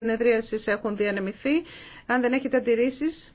συνεδρίασης έχουν διανεμηθεί. Αν δεν έχετε αντιρρήσεις...